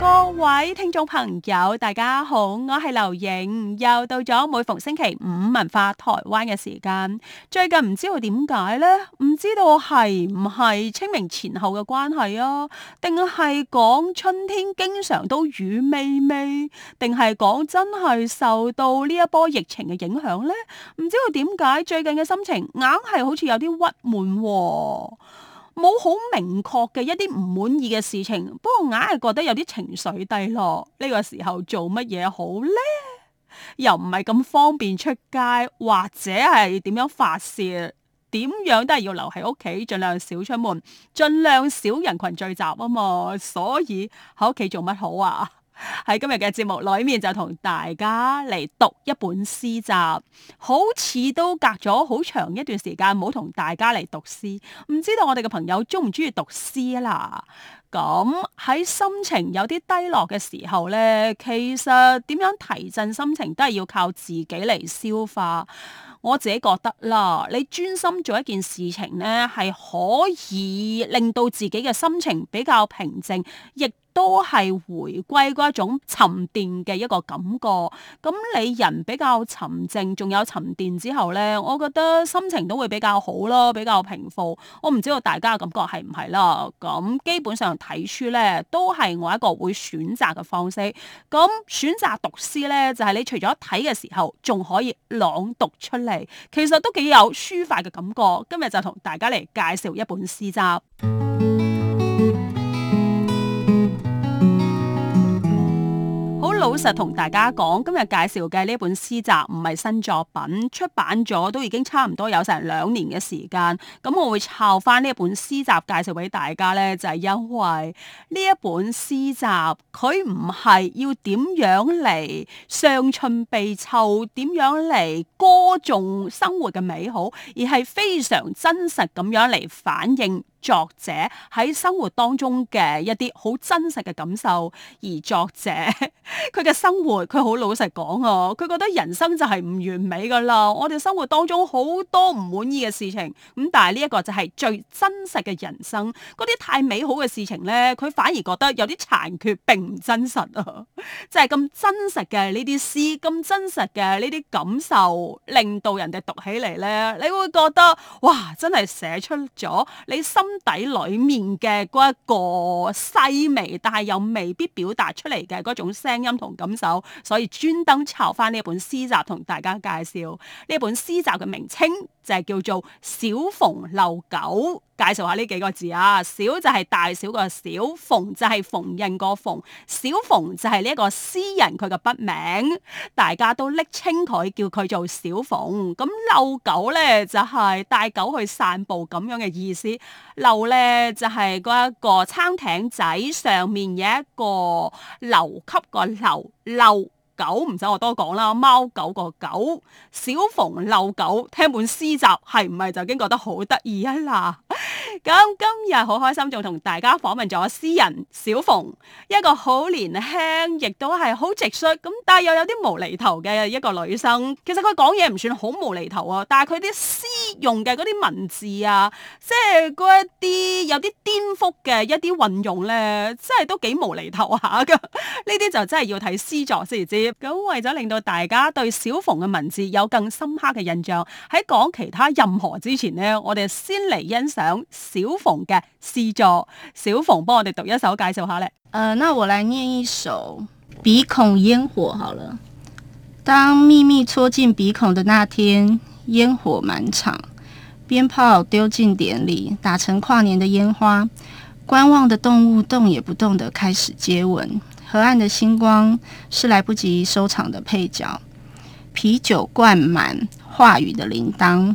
各位聽眾朋友，大家好，我係劉瑩，又到咗每逢星期五文化台灣嘅時間。最近唔知道點解呢？唔知道係唔係清明前後嘅關係啊，定係講春天經常都雨微微，定係講真係受到呢一波疫情嘅影響呢？唔知道點解最近嘅心情硬係好似有啲鬱悶。冇好明確嘅一啲唔滿意嘅事情，不過硬係覺得有啲情緒低落。呢個時候做乜嘢好呢？又唔係咁方便出街，或者係點樣發洩？點樣都係要留喺屋企，盡量少出門，盡量少人群聚集啊嘛。所以喺屋企做乜好啊？喺今日嘅節目裏面就同大家嚟讀一本詩集，好似都隔咗好長一段時間冇同大家嚟讀詩，唔知道我哋嘅朋友中唔中意讀詩啦？咁喺心情有啲低落嘅時候呢，其實點樣提振心情都係要靠自己嚟消化。我自己覺得啦，你專心做一件事情呢，係可以令到自己嘅心情比較平靜，亦。都係回歸嗰一種沉澱嘅一個感覺。咁你人比較沉靜，仲有沉澱之後呢，我覺得心情都會比較好咯，比較平復。我唔知道大家嘅感覺係唔係啦。咁基本上睇書呢，都係我一個會選擇嘅方式。咁選擇讀詩呢，就係、是、你除咗睇嘅時候，仲可以朗讀出嚟，其實都幾有書法嘅感覺。今日就同大家嚟介紹一本詩集。老實同大家講，今日介紹嘅呢本詩集唔係新作品，出版咗都已經差唔多有成兩年嘅時間。咁我會抄翻呢一本詩集介紹俾大家呢，就係因為呢一本詩集佢唔係要點樣嚟上進被湊點樣嚟歌頌生活嘅美好，而係非常真實咁樣嚟反映，作者喺生活當中嘅一啲好真實嘅感受，而作者佢嘅生活，佢好老實講啊，佢覺得人生就係唔完美噶啦。我哋生活當中好多唔滿意嘅事情，咁但係呢一個就係最真實嘅人生。嗰啲太美好嘅事情咧，佢反而覺得有啲殘缺，並唔真實啊！即係咁真實嘅呢啲詩，咁真實嘅呢啲感受，令到人哋讀起嚟咧，你會覺得哇，真係寫出咗你心底裏面嘅嗰一個細微，但係又未必表達出嚟嘅嗰種聲音同感受，所以專登抄返呢一本詩集同大家介紹。呢一本詩集嘅名稱就係叫做《小馮遛狗》，介紹下呢幾個字啊。小就係大小個小，馮就係縫印個馮，小馮就係呢一個詩人佢嘅筆名，大家都昵稱佢叫佢做小馮。咁遛狗呢，就係帶狗去散步咁樣嘅意思。溜咧就係嗰一個撐艇仔上面嘅一個留級個留。溜狗唔使我多講啦，貓狗個狗，小馮溜狗聽本詩集，係唔係就已經覺得好得意啊啦？咁今日好開心，仲同大家訪問咗詩人小馮，一個好年輕，亦都係好直率，咁但係又有啲無厘頭嘅一個女生。其實佢講嘢唔算好無厘頭啊，但係佢啲詩用嘅嗰啲文字啊，即係嗰一啲有啲顛覆嘅一啲運用呢，真係都幾無厘頭下噶。呢啲就真係要睇詩作先至知。咁為咗令到大家對小馮嘅文字有更深刻嘅印象，喺講其他任何之前呢，我哋先嚟欣賞。小馮嘅詩作，試小馮幫我哋讀一首介紹一下，介紹下咧。誒，那我來念一首《鼻孔煙火》好了。當秘密戳進鼻孔的那天，煙火滿場，鞭炮丟進典禮，打成跨年的煙花。觀望的動物動也不動的開始接吻，河岸的星光是來不及收場的配角，啤酒灌滿話語的鈴鐺。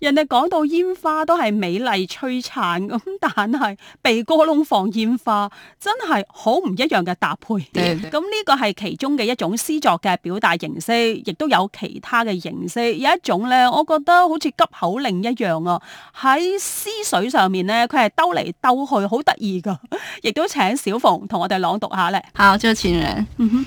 人哋講到煙花都係美麗璀璨咁，但係鼻哥窿放煙花真係好唔一樣嘅搭配。咁呢個係其中嘅一種詩作嘅表達形式，亦都有其他嘅形式。有一種呢，我覺得好似急口令一樣啊，喺詩水上面呢，佢係兜嚟兜去，好得意噶。亦都請小鳳同我哋朗讀下呢。好，張倩穎。嗯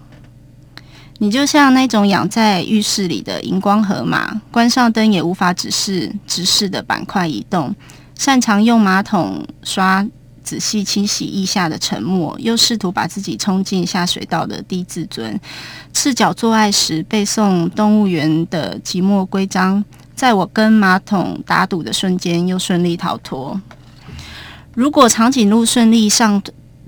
你就像那種養在浴室裏的熒光河馬，關上燈也無法指示直視的板塊移動，擅長用馬桶刷仔細清洗腋下的沉默，又試圖把自己沖進下水道的低自尊，赤腳做愛時背誦動物園的寂寞規章，在我跟馬桶打賭的瞬間又順利逃脫。如果長頸鹿順利上。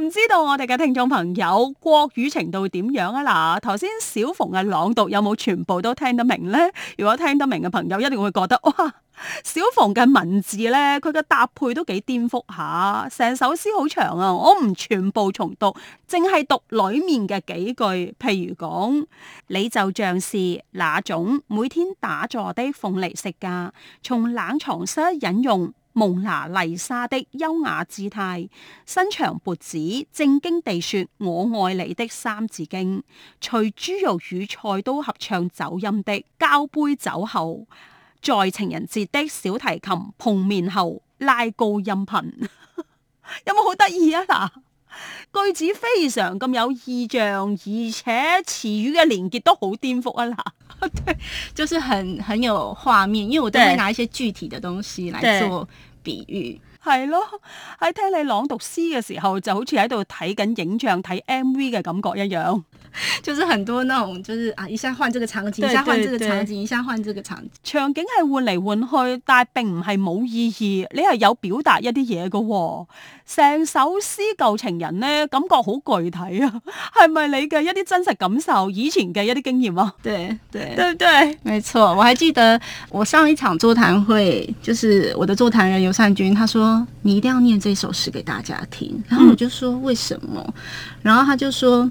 唔知道我哋嘅聽眾朋友國語程度點樣啊？嗱，頭先小馮嘅朗讀，有冇全部都聽得明呢？如果聽得明嘅朋友，一定會覺得哇，小馮嘅文字呢，佢嘅搭配都幾顛覆下，成首詩好長啊，我唔全部重讀，淨係讀裏面嘅幾句，譬如講，你就像是那種每天打坐低鳳梨食架，從冷藏室引用。蒙娜麗莎的優雅姿態，身長脖子，正經地說：我愛你的《三字經》。隨豬肉與菜刀合唱走音的交杯酒後，在情人節的小提琴碰面後拉高音頻， 有冇好得意啊？嗱！句子非常咁有意象，而且詞語嘅連結都好顛覆啊！嗱， 對，就算很很有畫面，因為我都會拿一些具體嘅東西嚟做比喻。係 咯，喺聽你朗讀詩嘅時候，就好似喺度睇緊影像、睇 MV 嘅感覺一樣。 就是很多那種，就是啊，一下換這個場景，對對對，一下換這個場景，一下換這個場景。場景係換來換去，但係並唔係冇意義。你係有表達一啲嘢嘅，成首詩舊情人呢，感覺好具體啊，係 咪你嘅一啲真實感受，以前嘅一啲經驗啊？對對對，對，對，對，沒錯，我還記得我上一場座談會，就是我的座談人尤善君，他說你一定要念這首詩給大家聽，然後我就說、嗯、為什麼，然後他就說。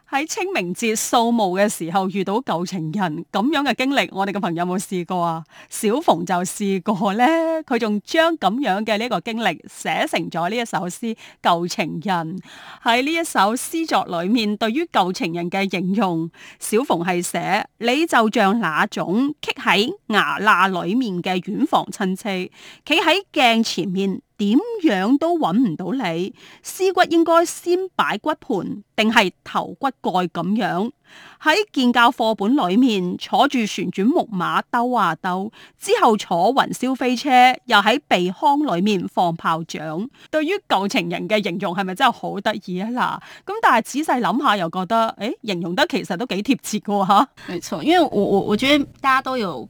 喺清明節掃墓嘅時候遇到舊情人咁樣嘅經歷，我哋嘅朋友有冇試過啊？小馮就試過呢，佢仲將咁樣嘅呢一個經歷寫成咗呢一首詩《舊情人》。喺呢一首詩作裏面，對於舊情人嘅形容，小馮係寫你就像那種棘喺牙罅裏面嘅遠房親戚，企喺鏡前面。點樣都揾唔到你，屍骨應該先擺骨盤，定係頭骨蓋咁樣喺建教課本裏面坐住旋轉木馬兜啊兜，兜，之後坐雲霄飛車，又喺鼻腔裏面放炮仗。對於舊情人嘅形容係咪真係好得意啊？嗱，咁但係仔細諗下又覺得，誒、哎，形容得其實都幾貼切嘅吓。沒錯，因為我我我覺得大家都有。.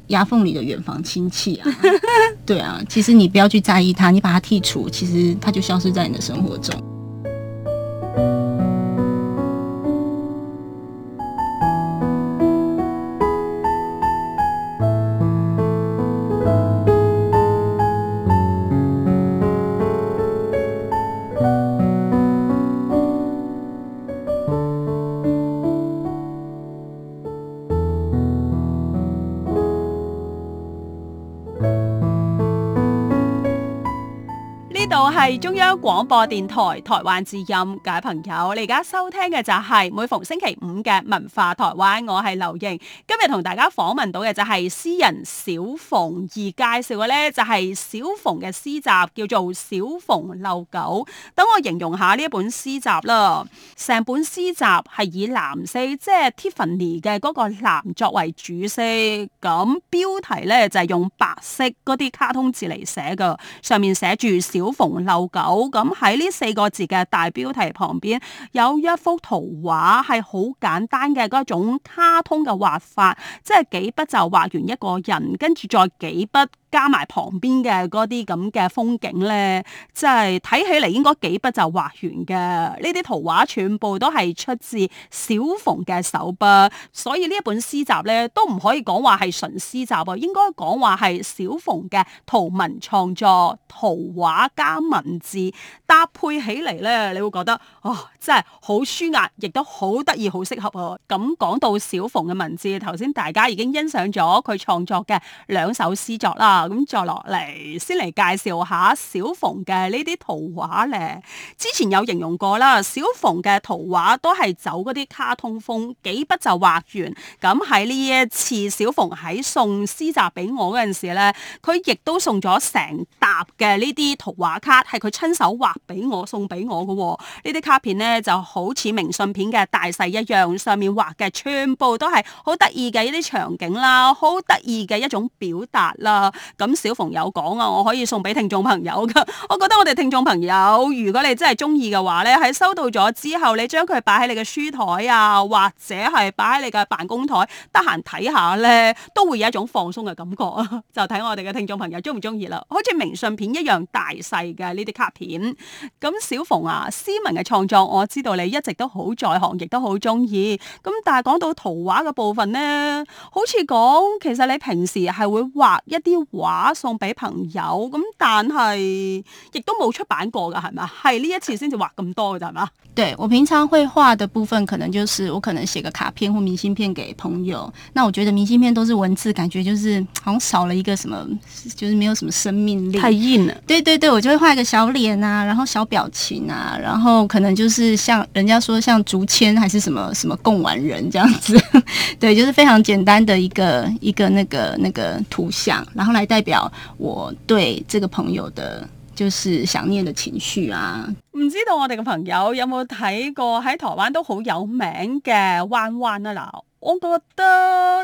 牙縫裏的遠房親戚啊，對啊，其實你不要去在意他，你把他剔除，其實他就消失在你的生活中。到係中央廣播電台台灣之音，各位朋友，你而家收聽嘅就係每逢星期五嘅文化台灣，我係劉瑩，今日同大家訪問到嘅就係詩人小馮，而介紹嘅咧，就係小馮嘅詩集叫做《小馮遛狗》。等我形容下呢一本詩集啦，成本詩集係以藍色，即係 Tiffany 嘅嗰個藍作為主色。咁標題咧就係、是、用白色嗰啲卡通字嚟寫，嘅，上面寫住小。紅漏狗，咁喺呢四個字嘅大標題旁邊有一幅圖畫，係好簡單嘅嗰一種卡通嘅畫法，即係幾筆就畫完一個人，跟住再幾筆。加埋旁邊嘅嗰啲咁嘅風景呢，即係睇起嚟，應該幾筆就畫完嘅。呢啲圖畫全部都係出自小鳳嘅手筆，所以呢一本詩集呢都唔可以講話係純詩集啊，應該講話係小鳳嘅圖文創作，圖畫加文字搭配起嚟呢，你會覺得哦，真係好舒壓，亦都好得意，好適合啊。咁講到小鳳嘅文字，頭先大家已經欣賞咗佢創作嘅兩首詩作啦。咁再落嚟，先嚟介紹下小馮嘅呢啲圖畫咧。之前有形容過啦，小馮嘅圖畫都係走嗰啲卡通風，幾筆就畫完。咁喺呢一次，小馮喺送詩集俾我嗰陣時咧，佢亦都送咗成沓嘅呢啲圖畫卡，係佢親手畫俾我送俾我嘅哦。呢啲卡片呢，就好似明信片嘅大細一樣，上面畫嘅全部都係好得意嘅一啲場景啦，好得意嘅一種表達啦。咁小馮有講啊，我可以送俾聽眾朋友噶。我覺得我哋聽眾朋友，如果你真係中意嘅話呢，喺收到咗之後，你將佢擺喺你嘅書台啊，或者係擺喺你嘅辦公台，得閒睇下呢，都會有一種放鬆嘅感覺啊。 就睇我哋嘅聽眾朋友中唔中意啦。好似明信片一樣大細嘅呢啲卡片。咁小馮啊，詩文嘅創作我知道你一直都好在行，亦都好中意。咁但係講到圖畫嘅部分呢，好似講其實你平時係會畫一啲。畫送俾朋友咁，但係亦都冇出版過噶，係嘛？係呢一次先至畫咁多噶，咋係嘛？對我平常會畫的部分，可能就是我可能寫個卡片或明信片給朋友。那我覺得明信片都是文字，感覺就是好像少了一個什麼，就是沒有什麼生命力，太硬了。對對對，我就會畫一個小臉啊，然後小表情啊，然後可能就是像人家說像竹籤還是什麼什麼貢丸人這樣子， 對，就是非常簡單的一個一個那個那個圖像，然後來。代表我對這個朋友的，就是想念的情緒啊。唔知道我哋嘅朋友有冇睇過喺台灣都好有名嘅，啊《彎彎》啊嗱。我覺得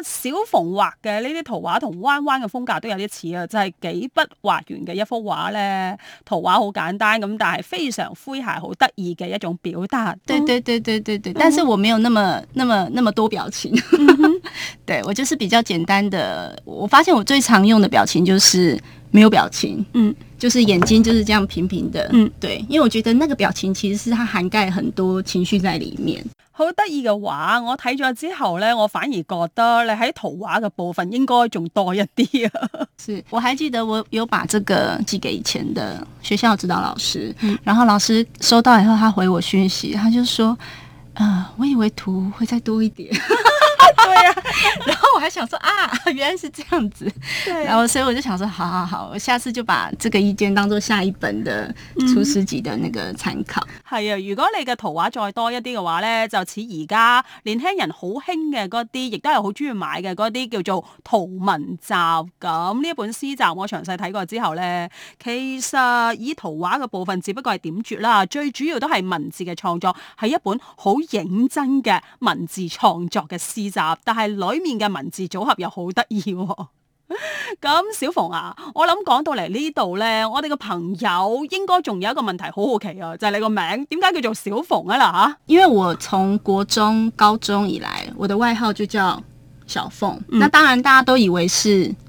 小馮畫嘅呢啲圖畫同彎彎嘅風格都有啲似啊，就係、是、幾筆畫完嘅一幅畫咧，圖畫好簡單咁，但係非常詼諧、好得意嘅一種表達。對、嗯、對對對對對，但是我沒有那麼、嗯、哼那麼、那麼多表情， 對，我就是比較簡單嘅。我發現我最常用嘅表情就是。沒有表情，嗯，就是眼睛就是這樣平平的，嗯，對，因為我覺得那個表情其實是它涵蓋很多情緒在裏面。好得意嘅畫，我睇咗之後呢，我反而覺得你喺圖畫嘅部分應該仲多一啲啊。是我還記得我有把這個寄給以前的學校指導老師，嗯、然後老師收到以後，他回我訊息，他就說，啊、呃，我以為圖會再多一點。 對啊呀笑，然後我還想說啊，原來是這樣子，對啊、然後所以我就想說，好好好，我下次就把這個意見當做下一本的出詩集的那個參考。係啊、mm，hmm. 如果你嘅圖畫再多一啲嘅話呢，就似而家年輕人好興嘅嗰啲，亦都係好中意買嘅嗰啲叫做圖文集。咁呢一本詩集我詳細睇過之後呢，其實以圖畫嘅部分只不過係點綴啦，最主要都係文字嘅創作，係一本好認真嘅文字創作嘅詩。集，但係裏面嘅文字組合又好得意。咁、 嗯、小鳳啊，我諗講到嚟呢度呢，我哋個朋友應該仲有一個問題好好奇啊，就係、是、你個名點解叫做小鳳啊啦吓？因為我從國中、高中以來，我的外號就叫小鳳。那當然，大家都以為是。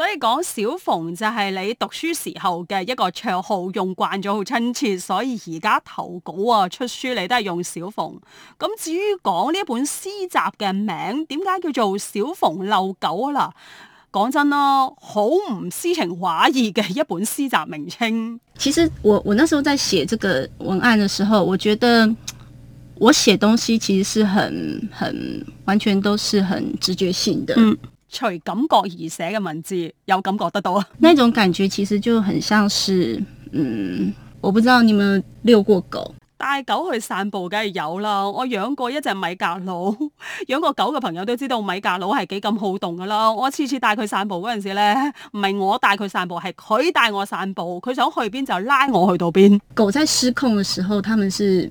所以講小馮就係你讀書時候嘅一個綽號，用慣咗好親切，所以而家投稿啊出書你都係用小馮。咁至於講呢一本詩集嘅名，點解叫做小馮遛狗啊啦？講真啦，好唔詩情畫意嘅一本詩集名稱。其實我我那時候在寫這個文案嘅時候，我覺得我寫東西其實是很很完全都是很直覺性的。嗯。隨感覺而寫嘅文字，有感覺得到啊！那種感覺其實就很像是，嗯，我不知道你們遛過狗，帶狗去散步梗係有啦。我養過一隻米格魯，養過狗嘅朋友都知道米格魯係幾咁好動噶啦。我次次帶佢散步嗰陣時呢，唔係我帶佢散步，係佢帶我散步。佢想去邊就拉我去到邊。狗在失控嘅時候，他們是，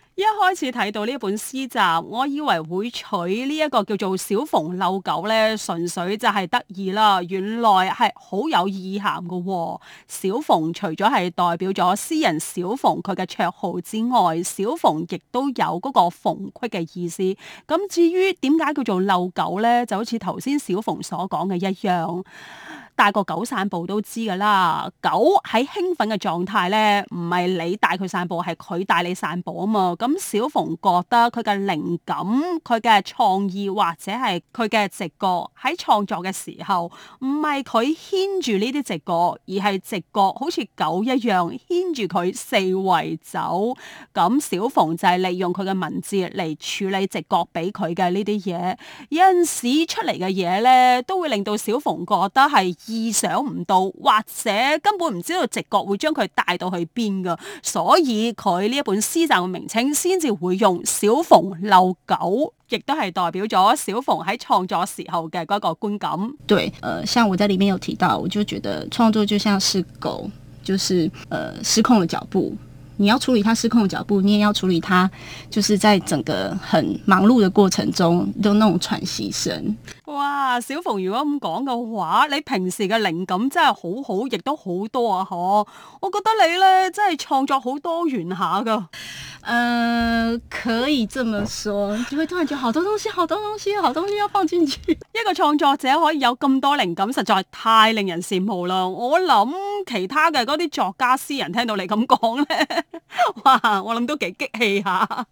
一開始睇到呢本詩集，我以為會取呢一個叫做小馮漏狗呢，純粹就係得意啦。原來係好有意涵噶哦。小馮除咗係代表咗詩人小馮佢嘅綽號之外，小馮亦都有嗰個逢貴嘅意思。咁至於點解叫做漏狗呢？就好似頭先小馮所講嘅一樣。帶個狗散步都知噶啦，狗喺興奮嘅狀態呢，唔係你帶佢散步，係佢帶你散步啊嘛。咁小馮覺得佢嘅靈感、佢嘅創意或者係佢嘅直覺喺創作嘅時候，唔係佢牽住呢啲直覺，而係直覺好似狗一樣牽住佢四圍走。咁小馮就係利用佢嘅文字嚟處理直覺俾佢嘅呢啲嘢，有陣時出嚟嘅嘢呢，都會令到小馮覺得係。意想唔到，或者根本唔知道直覺會將佢帶到去邊噶，所以佢呢一本詩集嘅名稱先至會用小馮遛狗，亦都係代表咗小馮喺創作時候嘅嗰個觀感。對，誒、呃，像我在裏面有提到，我就覺得創作就像是狗，就是誒、呃、失控嘅腳步。你要處理他失控的腳步，你也要處理他，就是在整個很忙碌的過程中，都那種喘息聲。哇，小馮如果咁講嘅話，你平時嘅靈感真係好好，亦都好多啊！嗬，我覺得你呢，真係創作好多元下㗎。誒、呃，可以這麼說，就會突然覺得好多東西，好多東西，好多東西要放進去。 一個創作者可以有咁多靈感，實在太令人羨慕啦！我諗其他嘅嗰啲作家詩人，聽到你咁講咧。 哇！我諗都幾激氣下。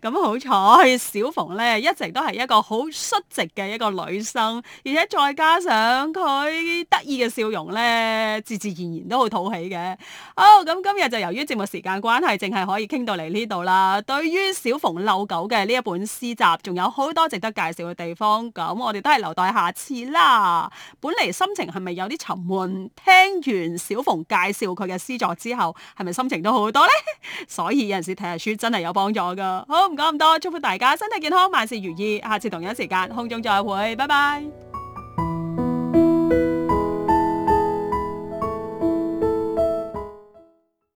咁好彩，小馮呢一直都係一個好率直嘅一個女生，而且再加上佢得意嘅笑容呢，自自然然都好討喜嘅。好，咁今日就由於節目時間關係，淨係可以傾到嚟呢度啦。對於小馮遛狗嘅呢一本詩集，仲有好多值得介紹嘅地方，咁我哋都係留待下次啦。本嚟心情係咪有啲沉悶？聽完小馮介紹佢嘅詩作之後，係咪心情都好好多呢？所以有陣時睇下書真係有幫助噶。好，唔講咁多，祝福大家身體健康，萬事如意。下次同樣時間，空中再會，拜拜。